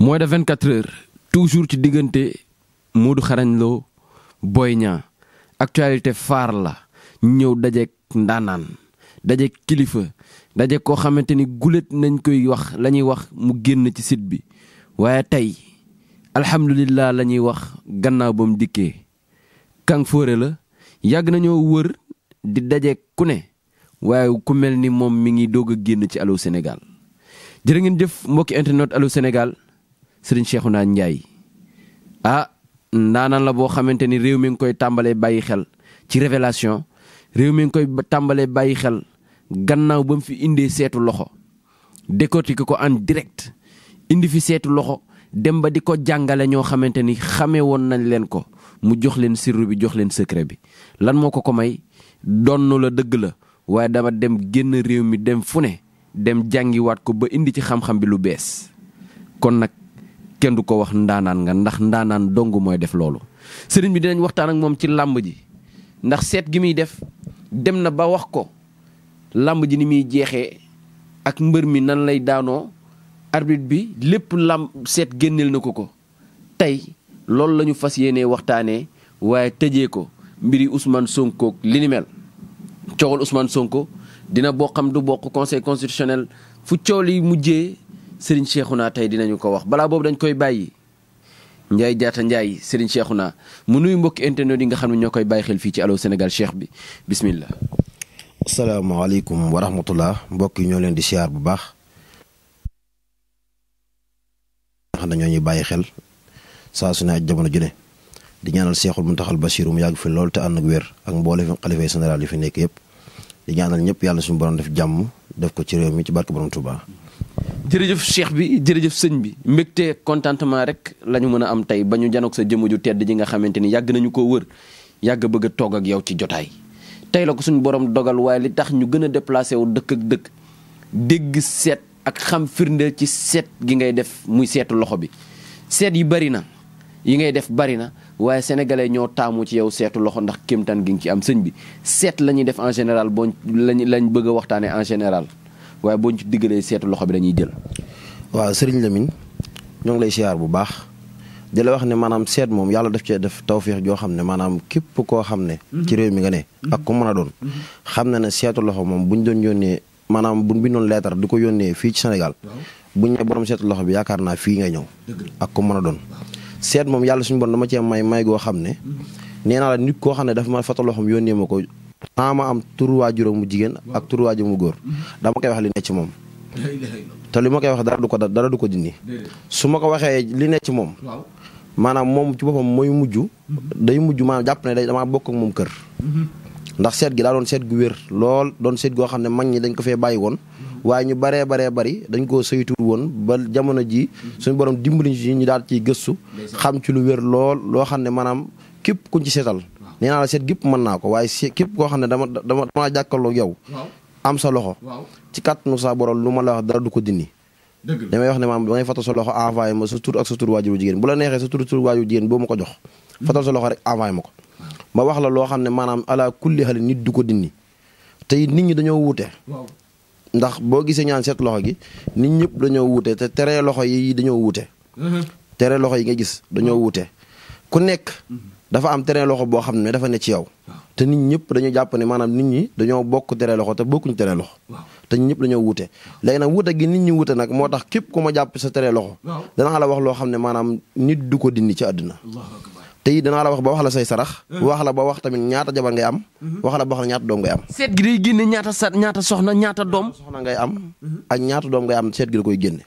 moins de 24 heures toujours ci diggante Modou Xarañ Lo Boy Niang actualité phare la ñëw dajeeg ndaanaan dajeeg kilifa dajeeg koo xamante ni gulet nañ koy wax lañuy wax mu génn ci site bi waaye tey alhamdulilah la ñuy wax gannaaw bam dikkee Kang Fóore la yàgg nañoo wër di dajeeg ku ne waaye ku mel ni moom mi ngi doog a génn ci Allô Sénégal jërë ngeen jëf mbokki internet Allô Sénégal sëriñ Cheikhouna Ndiaye ah ndaanaan la boo xamante ni réew mi ngi koy tàmbalee bàyyi xel ci révélation réew mi ngi koy tàmbalee bàyyi xel gannaaw ba mu fi indee seetu loxo décortiquer ko en direct indi fi seetu loxo dem ba di ko jàngale ñoo xamante ni xamee woon nañ leen ko mu jox leen sirru bi jox leen secret bi lan moo ko ko may donn la dëgg la waaye dama dem génn réew mi dem fu ne dem jàngiwaat ko ba indi ci xam-xam bi lu bees kon nag kenn du ko wax ndaanaan nga ndax ndaanaan dong mooy def loolu. sëriñ bi dinañ waxtaan ak moom ci làmb ji ndax seet gi muy def dem na ba wax ko làmb ji ni muy jeexee ak mbër mi nan lay daanoo arbitre bi lépp làmb seet génneel na ko ko tey loolu lañu fas yéenee waxtaanee waaye tëjee ko mbir yi Ousmane Sonko li ni mel coowal Ousmane Sonko dina boo xam du bokk conseil constitutionnel fu coow li mujjee. Serigne naa tey dinañu ko wax balaa boobu dañ koy bàyyi Ndiaye Diatta sëriñ seexu Cheikhouna mu nuyu mbokki internet yi nga xam ne ñoo koy bàyyi xel fii ci Allô Sénégal Cheikh bi bismillah. asalaamaaleykum mbokk yi ñoo leen di siyaar bu baax. xam ne ñoo ñuy bàyyi xel saa su ne ak jamono ju ne di ñaanal Seexul Muntaxal Basiru mu yàgg fi lool te ànd ak wér ak mboole fi xalifa général yi fi nekk yëpp di ñaanal ñëpp yàlla suñu borom def jàmm def ko ci réew mi ci barke borom Touba. jërëjëf cheikh bi jërëjëf sëñ bi mbégte contentement rek la ñu mën a am tey ba ñu janoog sa jëmm ju tedd ji nga xamante ni yàgg nañu koo wër yàgg a bëgg a toog ak yow ci jotaay tey la ko suñu borom dogal waaye li tax ñu gën a déplacé wu dëkk ak dëkk dégg seet ak xam firndeel ci seet gi ngay def muy seetu loxo bi seet yi bari na yi ngay def bari na waaye sénégalais ñoo taamu ci yow seetu loxo ndax kéemtaan gi nga ci am sëñ bi seet la ñuy def en général boo lañ lañ bëgg a waxtaanee en général waaye boo ci diggalee seetu loxo bi dañuy jël. waaw sëriñ Lamine ñoo ngi lay siyaar bu baax di la wax ne maanaam seet moom yàlla daf cee def tawféex joo xam ne maanaam képp koo xam ne. Mhm. ci réew mi nga ne. Mhm. ak ku mën a doon. Mhm. xam na ne seetu loxo moom bu ñu doon yónnee maanaam bu ñu bindoon leetar di ko yónnee fii ci Sénégal. bu ñu loxo bi yaakaar naa fii nga ñëw. ak ku mën a doon. seet moom yàlla suñu bon dama cee may may goo xam ne. nee naa la nit koo xam ne dafa ma fata loxoom yónnee ma ko naa ah, ma am tur waajuram mu jigéen ak tur mu góor dama koy wax li ne ci moom te li ma koy wax dara du ko dara du ko dindi su ma ko waxee li ne ci moom maanaam moom ci boppam mooy mujj day mujj maanaam jàpp ne day damaa bokk ak moom kër ndax seet gi daa doon seet gu wér lool doon seet goo xam ne mag ñi dañ ko fee bàyyi woon waaye ñu baree baree bari dañ koo saytu woon ba jamono ji suñ borom dimbali ñu daal ciy gëstu xam ci lu wér lool loo xam ne maanaam képp kuñ ci seetal nee naa la seet gépp mën naa ko waaye si képp koo xam ne dama dama dama jàkkaarloo am sa loxo. ci kàttanu saa borom lu ma la wax dara du ko dindi. dëgg damay wax ne maam dangay fatal sa loxo envoyé ma sa tur ak sa tur waajur jigéen bu la neexee sa tur tur waajur jigéen ko hmm. fatal sa loxo rek ma ko. ma wax la loo xam ne maanaam ala kulli xale nit du ko dindi te nit ñi dañoo wuute. ndax boo gisee ñaan seet loxo gi nit ñëpp dañoo wuute te tere loxo yi dañoo wuute. Hmm. tere loxo yi nga gis dañoo hmm. wuute ku nekk. dafa am teree loxo boo xam ne dafa ne ci yow. te nit ñëpp dañu jàpp ne maanaam nit ñi dañoo bokk terrain loxo te bokkuñu terrain loxo. te ñun ñëpp dañoo wuute. léegi nag wuute gi nit ñi wuute nag moo tax képp ku ma jàpp sa terrain loxo. danaa la wax loo xam ne maanaam nit du ko dindi ci àdduna. te it danaa la wax ba wax la say sarax. Eh. wax la ba wax tamit ñaata jabar ngay am. Mhm. wax la ba wax la ñaata doom ngay am. seet gi day génne ñaata sa ñaata soxna ñaata doom. soxna ngay am. Mhm. Mhm. ak ñaata doom ngay am seet gi da koy génne.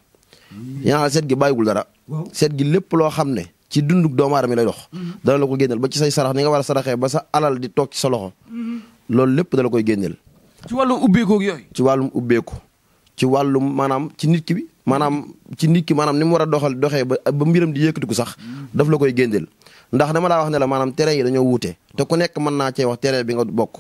Mm. yaa seet gi bàyyiwul dara. seet gi lépp loo xam ne ci dundu doomu aadama lay dox. Mm-hmm. dana la ko génneel ba ci say sarax ni nga war a saraxee ba sa alal di toog ci sa loxo. Mm-hmm. loolu lépp dala koy génneel. ci wàllum ubbeeku ci wàllum ubbeeku ci wàllum maanaam ci nit ki bi maanaam ci nit ki maanaam ni mu war a doxal doxee ba ba mbiram di yëkkatiku sax mm-hmm. daf la koy génneel ndax dama laa wax ne la maanaam terrain yi dañoo wute te ku nekk mën naa cee wax terrain bi nga bokk.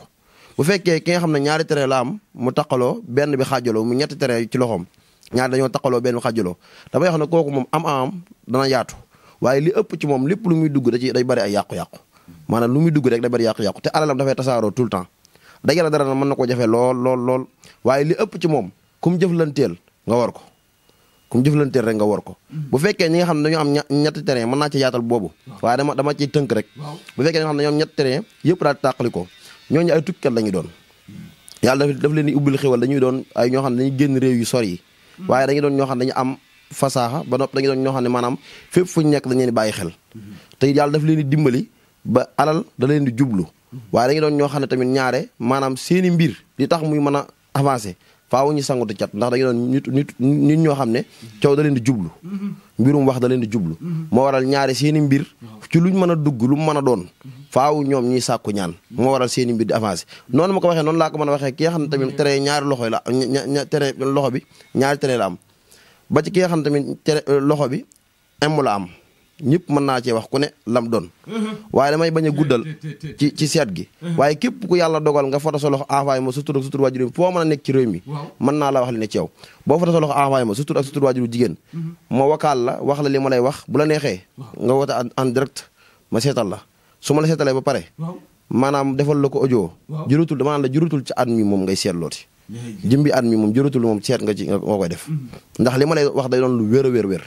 bu fekkee ki nga xam ne ñaari terrain la am mu taqaloo benn bi xaajoloo mu ñetti terrain ci loxoo ñaari dañoo taqaloo benn bi xaajaloo damay wax kooku moom am am dana yaatu waaye li ëpp ci moom lépp lu muy dugg da ci day bari ay yàqu-yàqu maanaam lu dugg rek day bari yàqu-yàqu te alalam dafay tasaaroo tout le temps dajale dara na mën na ko jafe lool lool lool waaye li ëpp ci moom ku jëflanteel nga war ko ku mu jëflanteel rek nga war ko bu fekkee ñi nga xam ne dañoo am ñetti terrain mën naa ci yaatal boobu waaye dama dama ciy tënk rek bu fekkee ñi nga xam ne dañoo am ñetti terrain yëpp daal tàqali ko ñooñu ay tukkikat la ñu doon yàlla daf leen di ubbil xéwal dañuy doon ay xam ne dañuy génn réew yu sori yi hmm. waaye dañu doon ñoo fasaaxa ba nopp dañu doon ñoo ne maanaam fépp fu ñu nekk dañu leen di bàyyi xel te yàlla daf leen di dimbali ba alal da leen di jublu waaye dañu doon ñoo xam ne tamit ñaare maanaam seeni mbir li tax muy mën a avancé faaw ñu sangutu cat ndax dañu doon nit nit nit ñoo xam ne coow da leen di jublu mbirum wax da leen di jublu moo waral ñaare seeni mbir ci luñ mën a dugg lu man a doon faaw ñoom ñuy sàkku ñaan moo waral seeni mbir di avancé noonu ma ko waxee noonu laa ko mën a waxee ki nga xam ne tamit tere ñaari loxo la tere loxo bi ñaari tere la am ba ci ki nga xam tamit cere euh, loxo bi am la am ñëpp mën naa cee wax ku ne lam doon mm-hmm. waaye damay bañ a guddal ci ci seet gi mm-hmm. waaye képp ku yàlla dogal nga foto sa loxo envoyé ma sutur ak sutur waajur foo mën a nekk ci réew mi ma sutur ak sutur waajur jigéen mm-hmm. ma wakaal la wax la li ma lay wax bu la neexee nga woote en direct ma seetal la su ma la seetalee ba pare maanaam defal la ko audio jurutul dama naan la jurutul ci at mi moom ngay seetlooti jëmbi at mi moom jëratul moom seet nga ci nga koy def. ndax li ma lay wax day doon lu wér a wér wér.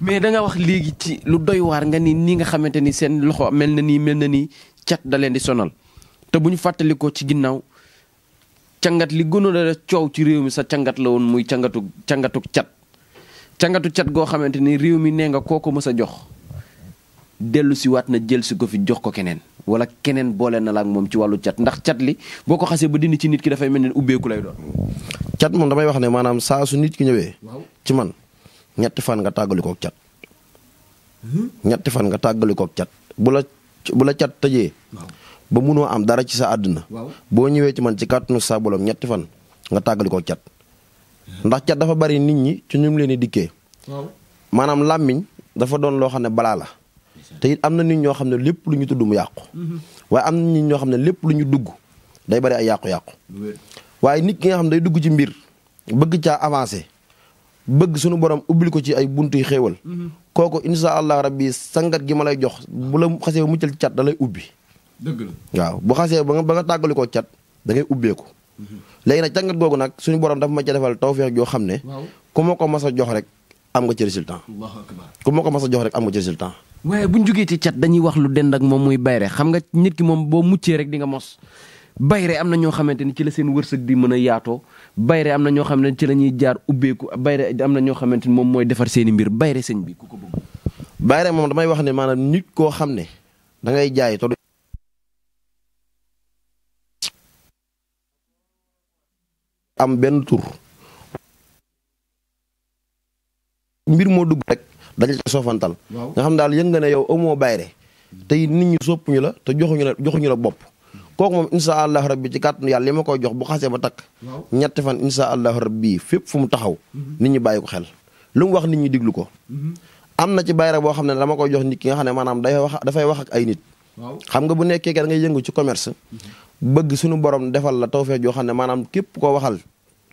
mais da nga wax léegi ci lu doy waar nga ni nii nga xamante ni seen loxo mel na nii mel na nii cat da leen di sonal te bu ñu fàttalikoo ci ginnaaw cangat li gënoon a coow ci réew mi sa cangat la woon muy cangatu cangatu cat. cangatu cat goo xamante ni réew mi nee nga kooku mës a jox dellu si waat na jël si ko fi jox ko keneen. wala keneen boole na moom ci wàllu cat ndax cat li boo ko xasee ba dindi ci nit ki dafay mel ne ubbeeku lay doon. cat moom damay wax ne maanaam saa su nit ki ñëwee. ci man ñetti fan nga tàggali kook cat. Hmm? ñetti fan nga tàggali kook cat bu la bu la cat tëjee. ba munoo am dara ci sa àdduna. boo ñëwee ci man ci kàttanu saa bolom ñetti fan nga tàggali kook cat. ndax cat dafa bari nit ñi ci ñu leen di dikkee. maanaam làmmiñ dafa doon loo xam ne balaa la. te am na nit ñoo xam ne lépp lu ñu tudd mu yàqu waaye am na nit ñoo xam ne lépp lu ñu dugg day bari ay yàqu-yàqu waaye nit ki nga xam ne day dugg ci mbir bëgg caa avancé bëgg sunu borom ubbil ko ci ay buntu yi xéewal mhm. kooku insha allah rabbi sangat gi ma lay jox bu la xasee mu muccal cat da lay ubbi dëgg la waaw bu xasee ba nga ba nga tàggali cat da ngay ubbeeku mhm. léegi nag càngat googu nag suñu borom dafa ma ca defal tawfeex joo xam ne ku ma ko mas a jox rek am nga ci résultat ku ma ko mas a jox rek am nga ci waaye bu ñu jugee ci cat dañuy wax lu dend ak moom muy bayre xam nga nit ki moom boo muccee rek di nga mos. bayre am na ñoo xamante ni ci la seen wërsëg di mën a yaatoo bayre am na ñoo xam ne ci la jaar ubbeeku bayre am na ñoo xamante ni moom mooy defar seen mbir bayre sëñ bi ko bëgg. moom damay wax ne maanaam nit koo xam ne da ngay jaay am benn tur. mbir moo dugg rek. da nga ci soofantal nga xam daal yëg nga ne yow amoo bayre tey nit ñi soppuñu la te joxuñu la joxuñu la bopp kooku moom insha allahu rabbi ci kàttanu yàlla li ma koy jox bu xasee ba takk ñetti fan insha allahu rabbi fépp fu mu taxaw mhm. nit ñi bàyyi ko xel lu mu wax nit ñi diglu ko mhm. am na ci bayre boo xam ne dama koy jox nit ki nga xam ne maanaam day wax dafay wax ak ay nit xam nga bu nekkee kenn ngay yëngu ci commerce mhm. bëgg suñu borom defal la tawfeex joo xam ne maanaam képp koo waxal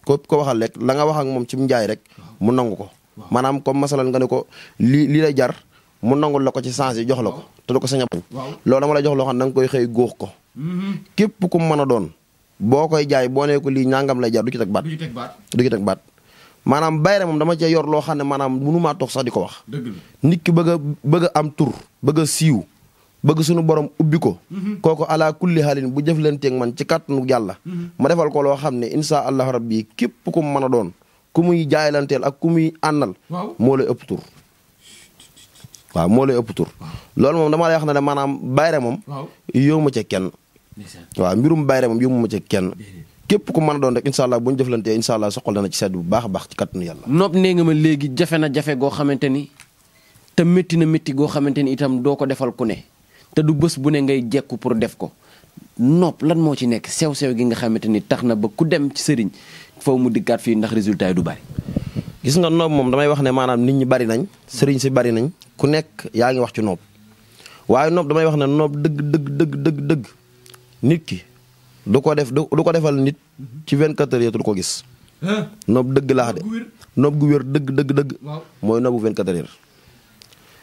képp koo waxal rek la nga wax ak moom ci njaay rek mu nangu ko maanaam ko masalan nga ne ko lii lii lay jar mu nangul la ko ci sens yi jox la ko te du ko sañ a bañ loolu dama la jox loo xam ne da nga ko mm-hmm. képp ku a doon boo koy jaay boo ko lii ñàngam lay jar du ci teg baat du ci teg baat maanaam bayre loo xam ne maanaam mënumaa toog sax di ko wax nit ki bëgg a a am tur bëgg a siiw bëgg suñu borom ubbi ko mm-hmm. kooku ala kulli haalin bu jëf leen teeg man ci kàttanu yàlla mm-hmm. ma defal ko loo xam ne insha allahu rabbi képp ku mën a doon ku muy jaayalanteel ak ku muy àndal. moo lay ëpp tur. waaw moo lay ëpp tur. loolu moom dama lay wax ne maanaam bayre moom. yow ma ca kenn. waaw mbirum bayre moom yóbbu ma kenn. képp ku mën a doon rek incha allah bu ñu jëflantee incha allah soxal dana ci sedd bu baax a baax ci kattanu yàlla. nopp nee nga ma léegi jafe na jafe goo xamante ni te métti na métti goo xamante ni itam doo ko defal ku ne te du bës bu ne ngay jekku pour def ko nopp lan moo ci nekk sew sew gi nga xamante ni tax na ba ku dem ci sëriñ faw mu dikkaat fii ndax résultat du bari. gis nga noob moom damay wax ne maanaam nit ñi bari nañ sëriñ si bari nañ ku nekk yaa ngi wax ci noob waaye noob damay wax ne noob dëgg dëgg dëgg dëgg dëgg nit ki du ko def du ko defal nit ci 24 heures du ko gis. noob dëgg laax de noob gu wér dëgg dëgg dëgg. mooy noobu 24 heures.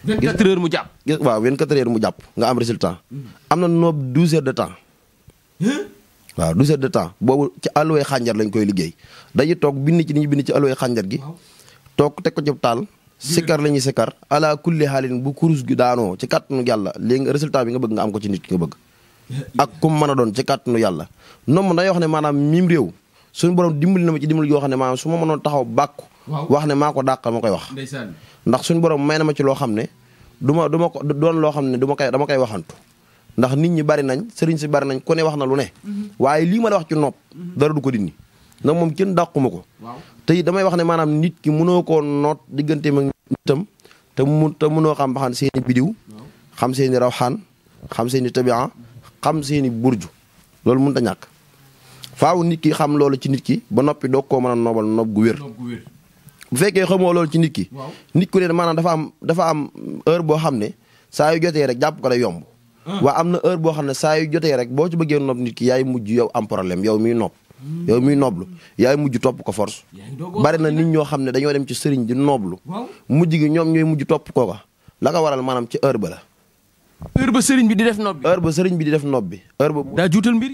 24 heures mu jàpp. gis waaw 24 heures mu jàpp nga am résultat. Hmm. am na noob 12 de temps. waaw 12 heures temps boobu ci alluwee xànjar lañ koy liggéey dañuy toog bind ci li ñu bind ci alluwee xànjar gi toog teg ko ci taal sikar la ñuy sikar ala kulli xaalin bu kurus gi daanoo ci kàttanu yàlla léegi nga résultat bi nga bëgg nga am ko ci nit nga bëgg ak kum mën a doon ci kàttanu yàlla noonu day wax ne maanaam mim réew suñu borom dimbali na ma ci dimbali yoo xam ne maanaam su ma mënoon taxaw bàkku wax ne maa ko dàqal ma koy wax ndax suñu borom may na ma ci loo xam ne du ma du ma ko doon loo xam ne du koy dama koy waxantu ndax nit ñi bari nañ sëriñ si bari nañ ku ne wax na lu ne. Mhm. waaye lii ma la wax ci nopp. Mhm. dara du ko dindi. ndax moom kenn dàquma ko. te it damay wax ne maanaam nit ki mënoo koo noot digganteem ak nitam te mu te mënoo xam ba xam seen i bidiw. xam seen i rawxaan xam seen i tabia xam seeni i burju loolu mënut a ñàkk. faaw nit ki xam loolu ci nit ki ba noppi doo koo mën a noobal noob gu wér. bu fekkee xamoo loolu ci nit ki. nit ku ne maanaam dafa am dafa am heure boo xam ne saa yu jotee rek jàpp ko day yomb. waa am na heure boo xam ne saa yu jotee rek boo ci bëggee nopp nit ki yaay mujj yow am problème yow miy nopp yow miy nooblu yaay mujj topp ko force bari na nit ñoo xam ne dañoo dem ci sëriñ di nooblu mujj gi ñoom ñooy mujj topp kooka la ko waral maanaam ci heure ba la heure sëriñ bi di def nob bi ba sëriñ bi di def nob bi heure ba daa juutal mbir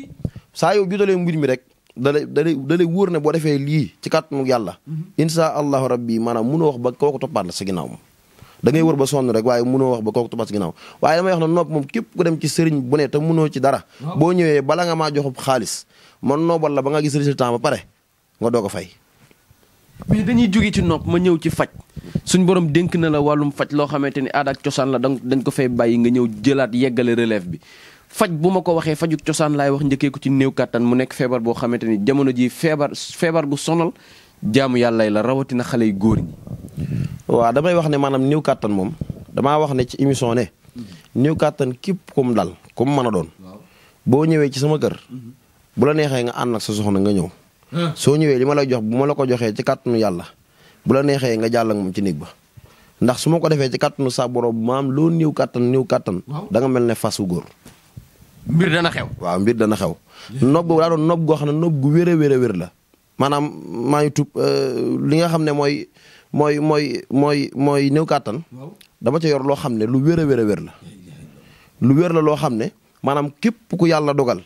saa yow juutalee mbir mi rek dalay dalay dalay wóor ne boo defee lii ci mu yàlla mhm. insha allahu rabbi maanaam mënoo wax ba kooku toppaat la sa ginnaaw dangay ngay wër ba sonn rek waaye mënoo wax ba kooku tubas ginnaaw waaye damay wax na nopp moom képp ko dem ci sëriñ bu nee te mënoo ci dara ah. boo ñëwee bala nga maa joxub xaalis man noobal la ba nga gis résultat ba pare nga doo ko fay mais dañuy jóge ci nopp ma ñëw ci faj suñ borom dénk na la wàllum faj loo xamante ni aada ak cosaan la dañ ko fay bàyyi nga ñëw jëlaat yeggale relève bi faj bu ma ko waxee fajuk cosaan laay wax njëkkee ko ci néew kàttan mu nekk feebar boo xamante ni jamono ji feebar feebar gu sonal jaamu yàlla la rawatina xale yu góor ñi. waaw damay wax ne maanaam néew kàttan moom damaa wax ne ci émission ne. néew kàttan képp kum dal kum mën a doon. boo ñëwee ci sama kër. bu la neexee nga ànd ak sa soxna nga ñëw. soo ñëwee li ma la jox bu ma la ko joxee ci kàttanu yàlla bu la neexee nga jàllag ak moom ci néeg ba. ndax su ma ko defee ci kàttanu sa bu maam loo néew kàttan néew kàttan. danga mel ne fas wu góor. mbir dana xew. waaw mbir dana xew. nob boobu daa gu wér a wér a wér la. maanaam maa ngi tub euh, li nga xam ne mooy mooy mooy mooy mooy néew kàttan dama ca yor loo xam ne lu wér a wér wér la lu wér la loo xam ne maanaam képp ku yàlla dogal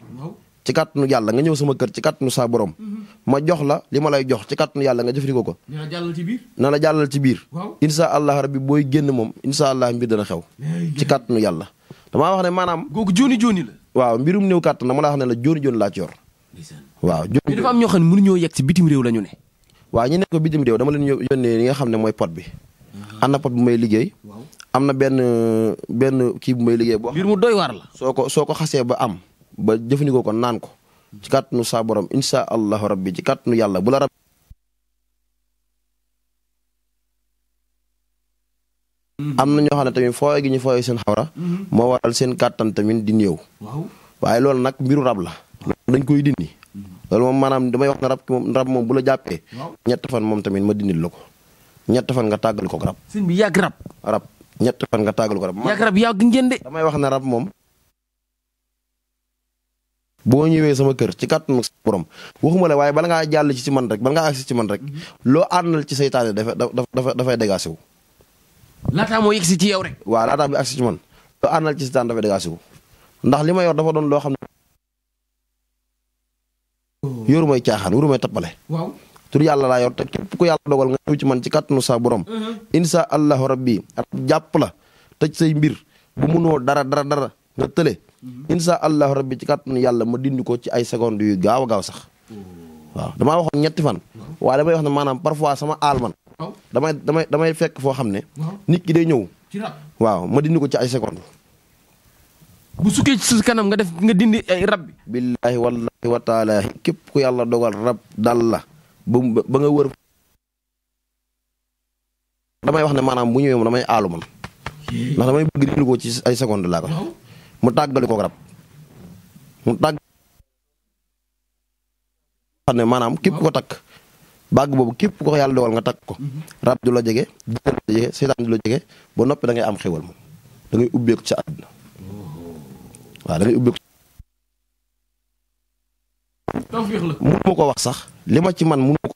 ci kàttanu yàlla nga ñëw sama kër ci kàttanu saa borom mm-hmm. ma jox la li ma lay jox ci kàttanu yàlla nga jëfandikoo ko na la jàllal ci biir na la jàllal ci allah rabbi booy génn moom insha allah mbir dana xew ci kàttanu yàlla damaa wax ne maanaam googu jooni jooni la waaw mbirum néew kàttan dama laa wax ne la jooni yor waaw mais dafa am ñoo xam ne yegg ci bitim réew la ñu ne. waaw ñu nekk bitim réew dama leen yónnee li nga xam ne mooy pot bi. am na pot bu may liggéey. am na benn benn kii bu may liggéey boo. mbir mu doy la. soo ko soo xasee ba am ba jëfandikoo ko naan ko. ci kàttanu saa borom insha allahu rabbi ci kàttanu yàlla bu la rab. Mm-hmm. am na ñoo ne tamit fooy gi ñu fooy seen xawra. Mm-hmm. moo waral seen kàttan tamit di néew. waaye loolu nag mbiru rab la. dañ koy dindi. loolu moom maanaam damay wax ne rab ki moom rab moom bu la jàppee. ñett fan moom ma dindil la ko ñett fan nga tàggal ko rab. sëñ bi yàgg rab. rab ñett fan ko rab. yàgg yàgg ngeen de. damay wax ne rab moom. boo ñëwee sama kër ci kàttanu borom waxuma la waaye bala ngaa jàll ci ci man rek bala ngaa agsi ci man rek mhm. loo àndal ci seytaane dafa dafa dafay dégagé wu. laataa moo yegsi ci yow rek. waaw laataa bi agsi ci seytaane dafay dégagé wu ndax li ma yor dafa doon loo xam yoru may caaxaan yoru may tappale waaw tur yàlla laa yor te képp ku yàlla dogal nga ñëw ci man ci kàttanu saa borom mm-hmm. insha allahu rabbi jàpp la tëj say mbir bu munoo dara dara dara nga tële mm-hmm. insha allahu rabbi ci kàttanu yàlla ma dindi ko ci ay secondes yu gaaw a gaaw sax oh. waaw damaa waxoon ñetti fan waaye damay wax ne maanaam parfois sama aal man damay damay damay fekk foo xam ne nit ki day ñëw waaw ma dindi ko ci ay secondes bu sukkee ci sa kanam nga def nga dindi ay rab bi billaahi wallaahi wa képp ku yàlla dogal rab dal la ba nga wër damay wax ne maanaam bu ñëwee moom damay aalu man ko ci ay seconde laa mu tàggali kook rab mu tàgg xam maanaam képp ko takk bàgg boobu képp ko yàlla dogal nga takk ko rab du la jege du la seytaan du jege ba noppi da ngay am xéwal moom da ngay ubbeeku ci àdduna waaw da ngay ubbeeku. tawfeex ko wax sax li ma ci man mënu ma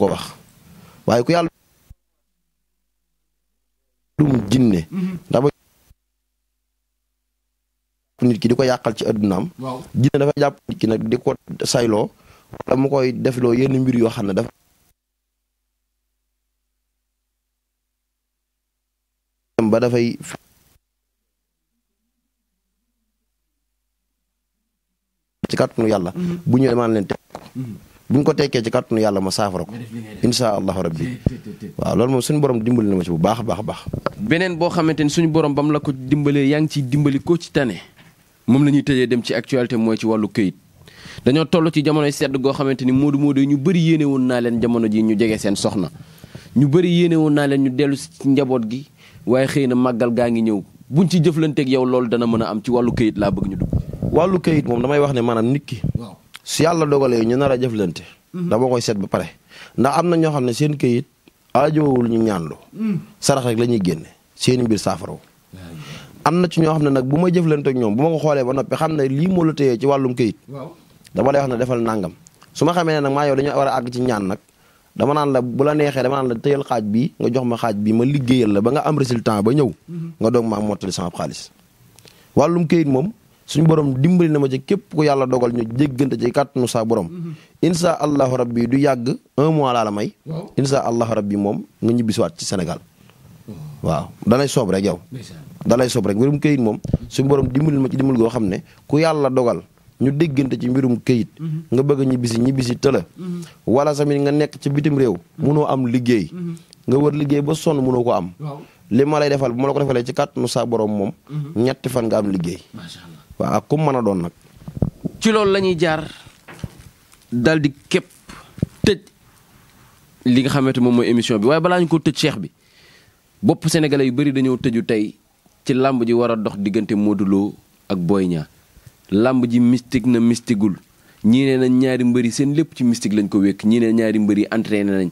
ko wax. ma waaye ku yàlla dum jinne ndax mhm. ba nit ki di ko yàqal ci addunaam jinne dafay jàpp nit ki nag di ko sayloo wala mu koy defloo yenn mbir yoo xam ne dafa dem ba dafay ci kàttanu yàlla mm-hmm. bu ñëwee maa leen teg mm-hmm. bu ñu ko tekkee ci kàttanu yàlla ma saafara ko insha allahu rabbi waaw loolu moom suñu borom dimbali na ma ci bu baax a baax baax beneen boo xamante ni suñu borom ba mu la ko dimbalee yaa ngi ciy dimbali ko ci tane moom la ñuy tëjee dem ci actualité mooy ci wàllu kayit dañoo toll ci jamonoy sedd goo xamante ni moodu moodu ñu bëri yéene woon naa leen jamono ji ñu jege seen soxna ñu bëri yéene gi waaye xëy na màggal gaa ngi ñëw buñ ci jëflanteek yow loolu dana mën a am ci wàllu këyit laa bëgg ñu dugg. wàllu këyit moom damay wax ne maanaam nit nikki waaw su yàlla dogalee ñu nar a jëflante. Mhm. dama koy seet ba pare ndax am na ñoo xam ne seen këyit aajowul ñu ñaanlu. Mhm. sarax rek lañuy ñuy génne seen mbir saafaraw. am na ci ñoo xam ne nag bu ma jëflante ñoom bu ma ko xoolee ba noppi xam ne lii moo la téyee ci wàllum këyit. dama lay wax ne defal nangam su ma xame ne maa yow dañu war a àgg ci ñaan nag dama naan la bu la neexee dama naan la tëyal xaaj bi nga jox ma xaaj bi ma liggéeyal la ba nga am résultat ba ñëw nga doog ma am mottali sama xaalis wàllum këyit moom suñu borom dimbali na ma ci képp ku yàlla dogal ñu jéggante ci kàttanu saa borom mhm. insha allahu du yàgg mois laa la may insha allahu rabbi moom nga ñibbisiwaat ci Sénégal waaw soob rek yow dalay soob rek wérum këyit moom suñu borom dimbali ma ci dimbal goo xam ne ku yàlla dogal ñu déggante ci mbirum këyit. Mhm. nga bëgg a ñibbisi ñibbisi tëla. Mhm. wala samit nga nekk ci bitim réew. Mhm. munoo am liggéey. nga wër liggéey ba sonn munoo ko am. li ma lay defal bu ma la ko defalee ci kàttanu saa borom moom. ñetti fan nga am liggéey. macha allah waaw ak ku mën a doon nag. ci loolu lañuy jaar dal képp tëj li nga xamante moom mooy émission bi waaye balaa ñu ko tëj cheikh bi bopp sénégalais yu bari dañoo tëju tey ci làmb ji war a dox diggante Modou Lo ak Boy Niang làmb ji mystique na mystigul ñii nee nañ ñaari mbëri seen lépp ci mystique lañ ko wékk ñii nee ñaari mbëri entraîné nañ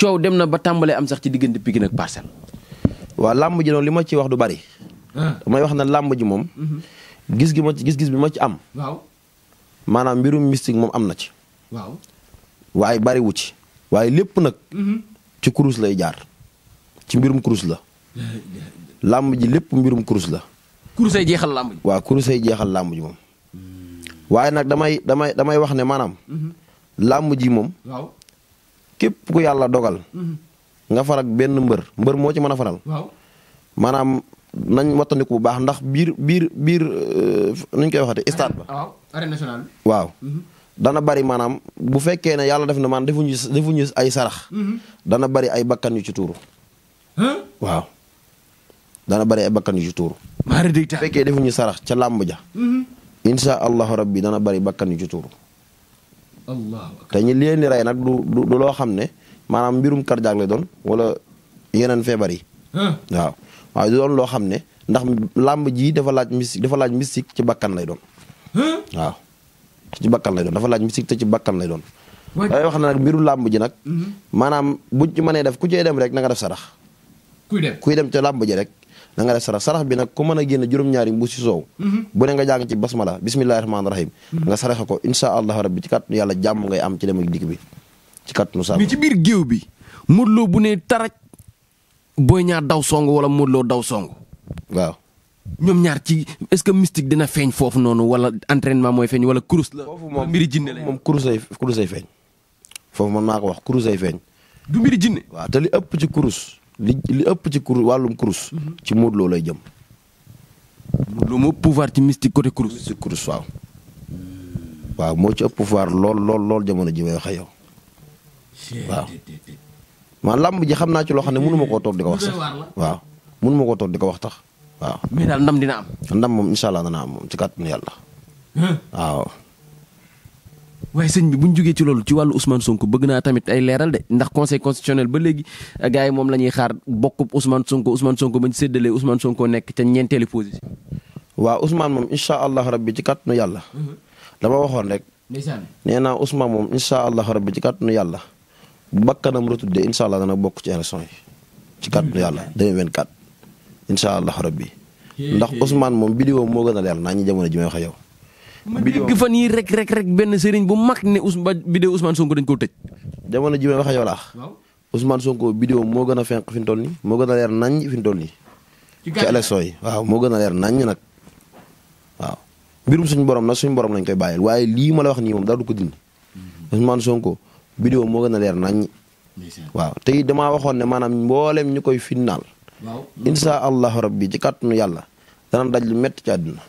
coow dem na ba tàmbalee am sax ci diggante Pikine ak Parcelles. waa làmb ji noonu li ma ci wax du bari. Ah. damay wax na làmb ji moom. Mhm. gi ma ci gis-gis bi ma ci am. maanaam mbirum mystique moom am na ci. waaw bariwu ci. waaye lépp nag. Mhm. kurus lay jaar. ci mbirum kurus la. làmb ji lépp mbirum kurus la. kurus ay jeexal làmb waaw kurus jeexal làmb ji moom. waaye nag damay damay damay wax ne maanaam. Mhm. làmb ji moom. waaw képp ku yàlla dogal. Mhm. nga farak benn mbër mbër moo ci man a faral. waaw maanaam nañ wattandiku bu baax ndax biir biir biir euh, nañ koy waxate stade ba. waaw mhm. dana bari maanaam bu fekkee ne yàlla def na man defuñu defuñu ay sarax. dana bari ay bakkan yu ci tuuru. dana bari ay bakkan yu ci tuuru. bu fekkee defuñu sarax ca làmb ja. insha allahu rabbi dana bari bakkan yu ci tuuru te ñi leen di rey nag du du loo xam ne maanaam mbirum cardiaque la doon wala yeneen feebar yi waaw waaye du doon loo xam ne ndax làmb ji dafa laaj mystique dafa laaj mystique ci bakkan lay doon waaw ci bakkan lay doon dafa laaj mystique te ci bakkan lay doon day wax ne nag mbiru làmb ji nag mm-hmm. maanaam bu ci mënee def ku cee dem rek na nga def sarax kuy dem kuy dem ca làmb ji rek na nga def sarax sarax bi nag ko mën a génn juróom-ñaari si soow mhm. bu ne nga jàng ci basmala bismillahi rahmaani rahim mhm. nga saraxe ko insha allah rabbi ci kàttanu yàlla jàmm ngay am ci dem a dikk bi ci kàttanu sa bi ci biir géew bi Modou bu ne taraj Boy daw song wala Modou daw song waaw ñaar ci est-ce que mystique dina feeñ foofu noonu wala entraînement mooy feeñ wala kurus la foofu moom mbiri jinne la moom kurus feeñ foofu man maa ko wax kurus ay feeñ du mbiri jinne waaw te ëpp ci kurus li li ëpp ci kur wàllum kurus. ci Modou loolu lay jëm. Modou Lo moo pouvoir ci mystique côté kurus. mystique kurus waaw. moo ci ëpp pouvoir lool lool lool jamono ji may wax ak yow. waaw. man làmb ji xam naa ci loo xam ne mënu ma koo toog di ko wax sax. waaw mënu ma koo toog di ko wax tax waaw. mais daal ndam dina am. ndam moom incha allah dana am moom ci kàttanu yàlla. waaw. waaye sëñ bi bu ñu jógee ci loolu ci wàllu Ousmane Sonko bëgg naa tamit ay leeral de ndax conseil constitutionnel ba léegi euh, gars yi moom la ñuy xaar bokkub Ousmane Sonko Ousmane Sonko bañ séddalee Ousmane Sonko nekk ca ñeenteeli position. waaw Ousmane moom incha allah rabbi ci kàttanu yàlla. Mhm. dama waxoon rek. nee naa Ousmane moom incha allah rabbi ci kàttanu yàlla. bu bakkanam retuddee incha allah dana bokk ci élection yi. ci kàttanu yàlla 2024. Mhm. incha allah rabbi ndax Ousmane moom vidéo moo gën a leer naa ñu jamono ji may wax yow. ma fan yii rek rek rek benn sëriñ bu mag ne Ous vidéo Ousmane Sonko dañ koo tëj. jamono ji may wax ak yow laax. Ousmane Sonko vidéo moo gën a fenq fi mu toll nii moo gën a leer naññ fi mu toll nii. ci élection yi waaw moo gën a leer naññ nag waaw. mbirum suñu borom nag suñu borom lañ koy bàyyil waaye lii ma la wax nii moom dara du ko dindi. Mm-hmm. Sonko vidéo moo gën a leer naññ. waaw te damaa waxoon ne maanaam mbooleem ñu koy finnaal. waaw incha allahu rabbi ci kàttanu yàlla dana daj lu métti ci àdduna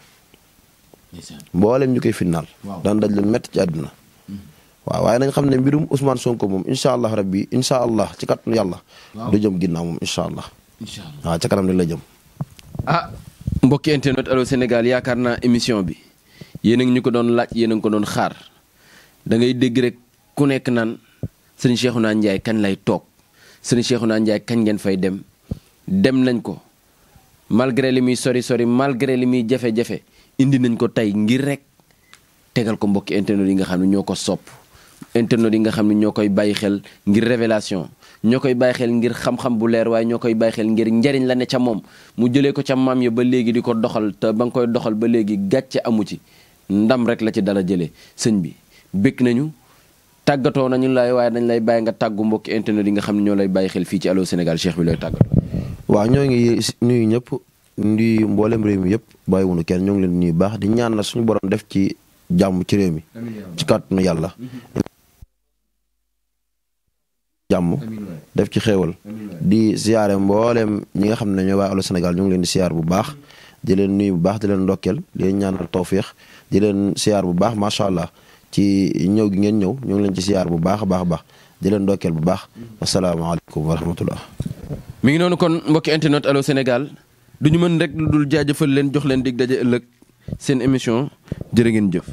mboolem ñu koy finnaal daan daj lu métti ci àdduna hmm. waaw waaye nañ xam ne mbirum Ousmane Sonko moom incha allah rabbi incha allah ci kàttanu yàlla du jëm ginnaaw moom incha allah waaw ca kanam rek la jëm ah mbokki internet Allô Sénégal yaakaar naa émission bi yéen a ngi ñu ko doon laaj yéen ngi ko doon xaar da ngay dégg ku nekk naan sëñ naa Ndiaye kañ lay toog sëñ naa Ndiaye kañ ngeen fay dem dem nañ ko malgré li muy sori sori malgré li muy jafe-jafe indi nañ ko tey ngir rek tegal ko mbokki internet yi nga xam ne ñoo ko sopp internet yi nga xam ne ñoo koy bàyyi xel ngir révélation ñoo koy bàyyi xel ngir xam-xam bu leer waaye ñoo koy bàyyi xel ngir njariñ la ne ca moom mu jëlee ko ca maam ya ba léegi di ko doxal te ba nga koy doxal ba léegi gàcce amu ci ndam rek la ci dara jëlee sëñ bi bëgg nañu tàggatoo nañu lay waaye dañ lay bàyyi nga tàggu mbokki internet yi nga xam ne ñoo lay bàyyi xel fii ci Allô Sénégal Cheikh bi looy tàggatoo nuyu mboolem réew mi yëpp bàyyiwunu kenn ñoo ngi leen nuyu baax di ñaan na borom def ci jàmm ci réew mi ci kàttanu yàlla jàmm def ci xéewal di siyaare mbooleem ñi nga xam ne ñoo waa Allô Sénégal ñu ngi leen di siyaar bu baax di leen nuyu bu baax di leen ndokkeel di leen ñaanal tawféex di leen siyaar bu baax macha allah ci ñëw gi ngeen ñëw ñu ngi leen ci siyaar bu baax baax baax di leen ndokkeel bu baax wasalaamaaleykum wa rahmatullah ngi noonu kon mbokki internet Allô Sénégal lu ñu mën rek lu dul jaajëfal leen jox leen dig daje ëllëg seen émission jërë ngeen jëf.